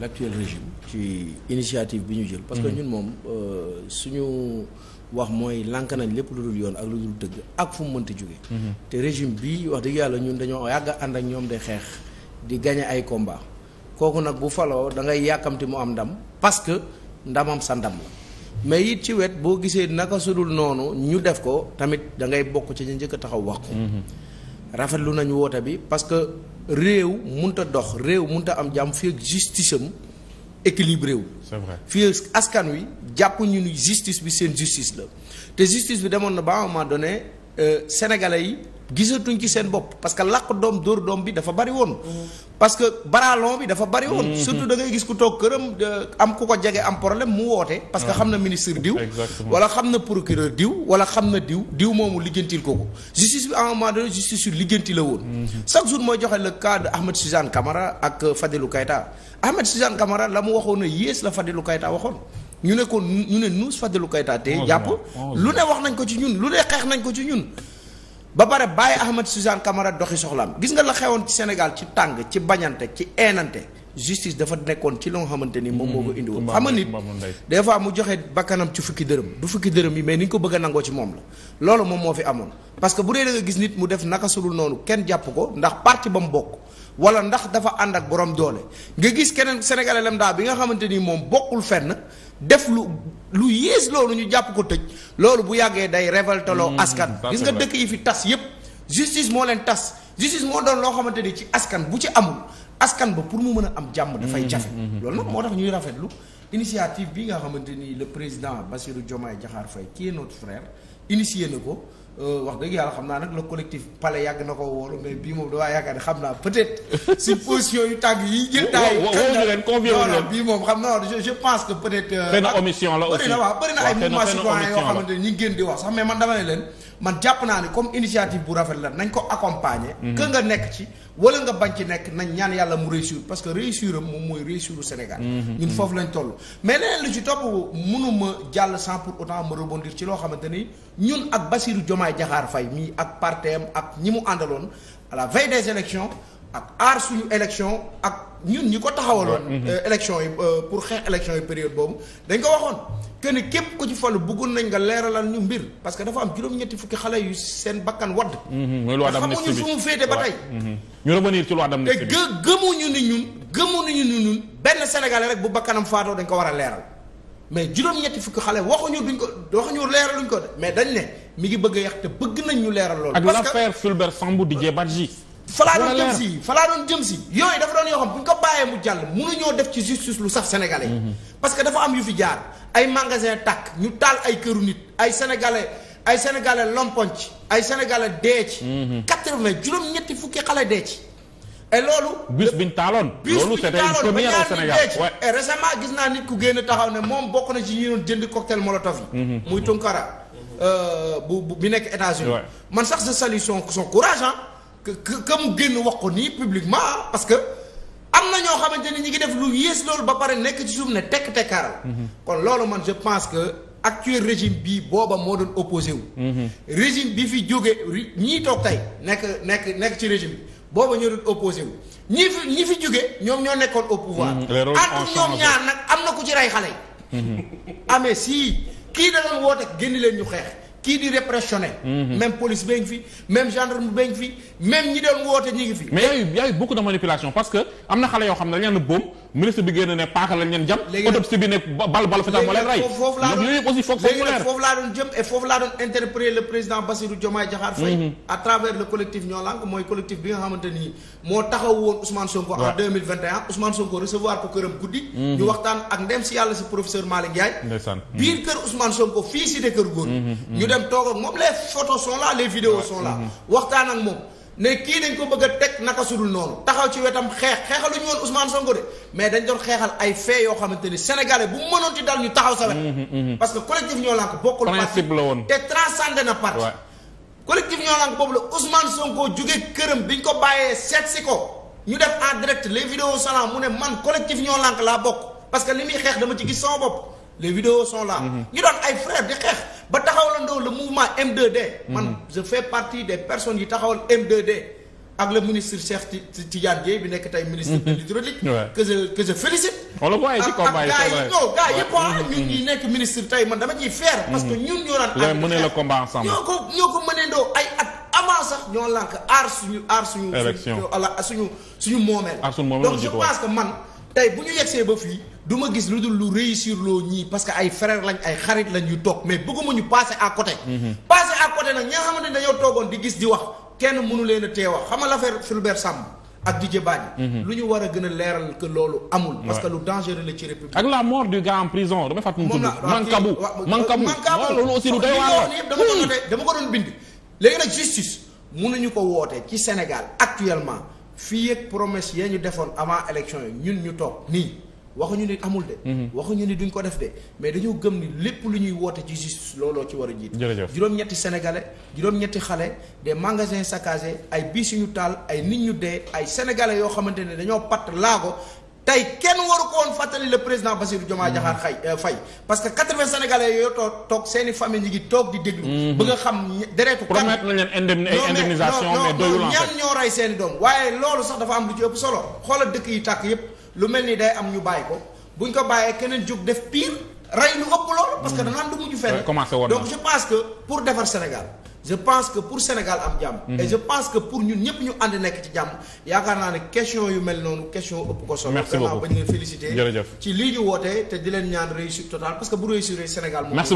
l'actuel régime ci initiative bi ñu jël parce que mm-hmm. ñun moom euh, suñu wax mooy lànk nañ lépp lu dul yoon ak lu dul dëgg ak fu mu mënti jógee mm-hmm. te régime bi wax dëgg yàlla ñun dañoo yàgg ànd ak ñoom day xeex di gagné ay combat kooku nag bu faloo da ngay yàkkamti mu am ndam parce que ndamam sa ndam la mais it ci wet boo gisee naka sudul noonu ñu def ko tamit da ngay bokk ci ñu njëkk taxaw wax ko mm-hmm. rafetlu nañu woote bi parce que réew munta dox réew munta am jàmm fi ak justice am équilibré askan wi jàpp ñu ni justice bi seen justice la te justice bi demoon na baa à un moment donné euh, sénégalais yi. gisatuñ ci seen bopp parce que làq doom dóor doom bi dafa bari woon. parce que baralon bi dafa bari woon. Mhm. surtout da ngay gis ku toog këram euh, am ku ko jege am problème mu woote. parce que mhm. xam na ministre diw. wala xam na procureur diw wala xam na diw diw moomu lijjantil ko ko justice bi à un moment donné justice lijjanti la woon. Mhm. chaque jour mooy joxe le cas de Ahmed Suzanne Camara ak Fadilou Keita Ahmed Suzanne Camara la mu waxoon a yées la Fadilou Keita waxoon. ñu ne ñu ne nous Fadilou Keita te jàpp lu ne wax ko ci ñun lu ne xeex nañ ko ci ñun. ba pare bàyyi Ahmed Suzanne Camara doxi soxlaam gis nga la xewoon ci Sénégal ci tàng ci bañante ci eenante justice dafa nekkoon ci loo xamante ni moom moo ko mm-hmm. indi woon xama nit des fois mu joxe bakkanam ci fukki dërëm du fukki dërëm yi mais ni ñu ko bëgg a nangoo ci moom la loolu moom moo fi amoon parce que bu dee da nga gis nit mu def naka sulul noonu kenn jàpp ko ndax parti ba mu bokk wala ndax dafa ànd ak borom doole nga gis keneen sénégalais lambda bi nga xamante ni moom bokkul fenn def lu lu yées loolu ñu jàpp ko tëj loolu bu yàggee day révolteloo mm-hmm. askan gis nga dëkk yi fi tas yépp justice moo leen tas justice moo doon loo xamante ni ci askan bu ci amul askan ba pour mu mën a am jàmm dafay mm-hmm. jafe mm-hmm. loolu nag moo tax ñuy mm-hmm. rafetlu initiative bi nga xamante ni le président Bassirou Diomaye Diakhar Faye qui est notre frère initié na ko Euh, wax dëgg yàlla xam naa nag le collectif Palais yàgg na ko wóolu mais bii moom dafaa yaakaar ne xam naa peut-être si position tàgg yi jël taay bii moom xam naa je pense que peut-être euh, omission la ñu ngi di wax sax mais man dama leen man jàpp naa ne comme initiative bu rafet la nañ ko accompagner mhm. que nga nekk ci wala nga bañ ci nekk nañ ñaan yàlla mu réussir parce que réussir am moom mooy réussir Sénégal mhm, ñun mhm. foofu lañ toll mais leneen lu ci topp mënuma Diomaye Diakhar ak parteem ak ñi mu àndaloon à la veille des élections ak aar suñu élection ak ñun ñi ko taxawaloon mhm. euh, élection yi euh, pour xeex élection yi période boobu dañ ko waxoon que ni képp ko ci falu bëggoon nañ nga leeralal ñu mbir parce que dafa am juróom-ñetti fukki xale yu seen bakkan wadd mhm, te xamuñu fu mu féete ba tey mhm. ñu revenir ci loi d'amnistie bi te gëmuñu ni ñun gëmuñu ni ñun benn rek bu bakkanam faatoo dañ ko war a leeral mais juróom-ñetti fukki xale waxuñu duñ ko waxuñu leeraluñ ko mais dañ ne mi ngi bëgg a yàq te bëgg nañ ñu leeral loolu. parce que ak l'affaire Fulbert Sambou Didier Badji. falaa doon jëm si falaa doon jëm yooyu dafa doon yoo xam bu ñu bàyyee mu jàll mënuñoo def ci justice lu sax sénégalais. Mhm. parce que dafa am yu fi jaar ay magasin tàkk ñu taal ay këru nit ay sénégalais ay sénégalais lomponc ay sénégalais dee ci. Mhm. quatre-vingt juróom-ñetti fukki xale dee ci. et loolu. bus bi ñu taaloon. loolu c'était une première au Sénégal et récemment gis naa nit ku génn taxaw ne moom bokk na ci ñi doon jënd cocktail molotov yi. Mhm. muy Tunkara. Euh, bu bu bi nekk États-Unis man sax je salue son son courage ah. que mu génn wax ko nii publiquement parce que am na ñoo xamante ne ñu ngi def lu yées loolu ba pare nekk ci suuf ne tekk tekkaaral. Mhm. kon loolu man je pense que actuel régime bi booba moo doon opposé wu. Mhm. régime bi fi jógee ñii toog tey nekk nekk nekk ci régime bi booba ñoo doon opposé wu. ñi fi ñi fi jóge ñoom ñoo nekkoon au pouvoir. Mhm. les ñoom ñaar nag am na ku ci rey xale yi. amee ah, si. kii da doon woote génn leen ñu xeex kii di répressionné. Mhm. même police bee ngi fi même gendarme bee ngi fi même ñi doon woote ñi ngi fi. mais y a eu y a eu parce que am na xale yoo xam ne dañu leen a boom ministre bi génn ne paaka lañ leen jam. léegi autopsie bi ne bal foofu laa doon jëm et foofu laa doon interpréter le président Bassirou Diomaye Diakhar Faye. a mhm. travers le collectif Ñoo Lank mooy collectif bi nga xamante ni moo taxaw woon Ousmane Sonko. en 2021 Ousmane Sonko recevoir ko këram guddi. Mhm. ñu waxtaan ak ndem si yàlla si professeur Malick Ndiaye. ndeysaan biir kër Ousmane Sonko fii si de kër góor. Mhm. ñu dem toog ak moom les photos sont là les vidéos waxtaan ne kii dañ ko bëgg a teg naka sudul noonu taxaw ci wetam xeex xeexaluñu woon Ousmane Sonko de mais dañ doon xeexal ay fee yoo xamante ni sénégalais bu mënoon ci dal ñu taxaw sa wet mm-hmm, mm-hmm. parce que collectif ñoo lànk bokkul parti te transcendé na parti collectif ñoo lànk boobu la Ousmane Sonko jóge këram biñ ko bàyyee set si ko ñu def en direct les vidéos mu ne man collectif ñoo lànk laa bokk parce que li muy xeex dama ci gis soo bopp le vidéos sont là. Mm-hmm. ñu doon ay frères di xeex ba taxawalandoo le mouvement m 2 man mm-hmm. je fais partie des personnes yi taxawal m 2 ak la ministre Cheikh Tidiane Dièye bi nekk tey ministre de mm-hmm. l'hydraulique que je que félicite. on le ci combat yi ah, nekk ministre tey man dama ciy fier. parce que ñun ñoo daan. ak mener le combat ensemble ñoo ko ñoo ko mëneendoo ay at avant sax ñoo lànk aar suñu aar suñu. élection suñu suñu moomeel. donc je pense que man. tey bu ñu yegsee ba fii du ma gis lu dul lu réussir loo ñii parce que ay frère lañ ay xarit lañ yu toog mais bëgguma ñu passé à côté. Mhm. passé à côté nag ñi nga xamante dañoo toogoon di gis di wax kenn mënu leen a tee wax xam nga l'affaire Fulbert Sambou ak Didier Badji. Mhm. lu ñu war a gën a leeral que loolu amul. parce que lu dangereux la ci république. ak la mort du gars en prison damay fàttali mu tudd. Mankabou Mankabou loolu aussi lu doy waar la hmm. dama ko doon bind léegi ko woote ci Sénégal actuellement. fii ak promesse yee ñu defoon avant élection yi ñun ñu toog nii waxuñu ni amul de. Mhm. waxuñu ni duñ ko def de mais dañoo gëm ni lépp lu ñuy woote ci justice looloo ci war a jiitu. juróom-ñetti sénégalais juróom-ñetti xale des magasin saccagés ay biis yu ñu taal ay nit ñu dee ay sénégalais yoo xamante ne dañoo patt laago tey kenn waru ko woon fàttali le président Bassirou Diomaye mm. Diakhar xay euh, Faye parce que quatre-vingts sénégalais yooyu toog toog seeni famille ñi toog di déglu mm-hmm. ba nga xam deretu promettre nañ leen indemnisation mais ñoo rey seeni waaye loolu sax dafa am lu ci solo xoolal dëkk yi tàkk yépp lu mel ni day am ñu bàyyi ko buñ ko bàyyee keneen jóg def pire rey lu ëpp loolu parce que mm. da nga am du mujju fenn donc je pense que pour defar Sénégal je pense que pour Sénégal am jàmm. Mhm. et je pense que pour ñun ñëpp ñu ànd nekk ci jàmm yaakaar naa ne question yu mel noonu question ëpp ko solo. merci beaucoup leen féliciter. ci lii ñu woote te di leen ñaan réussite totale parce que bu réussir Sénégal moom.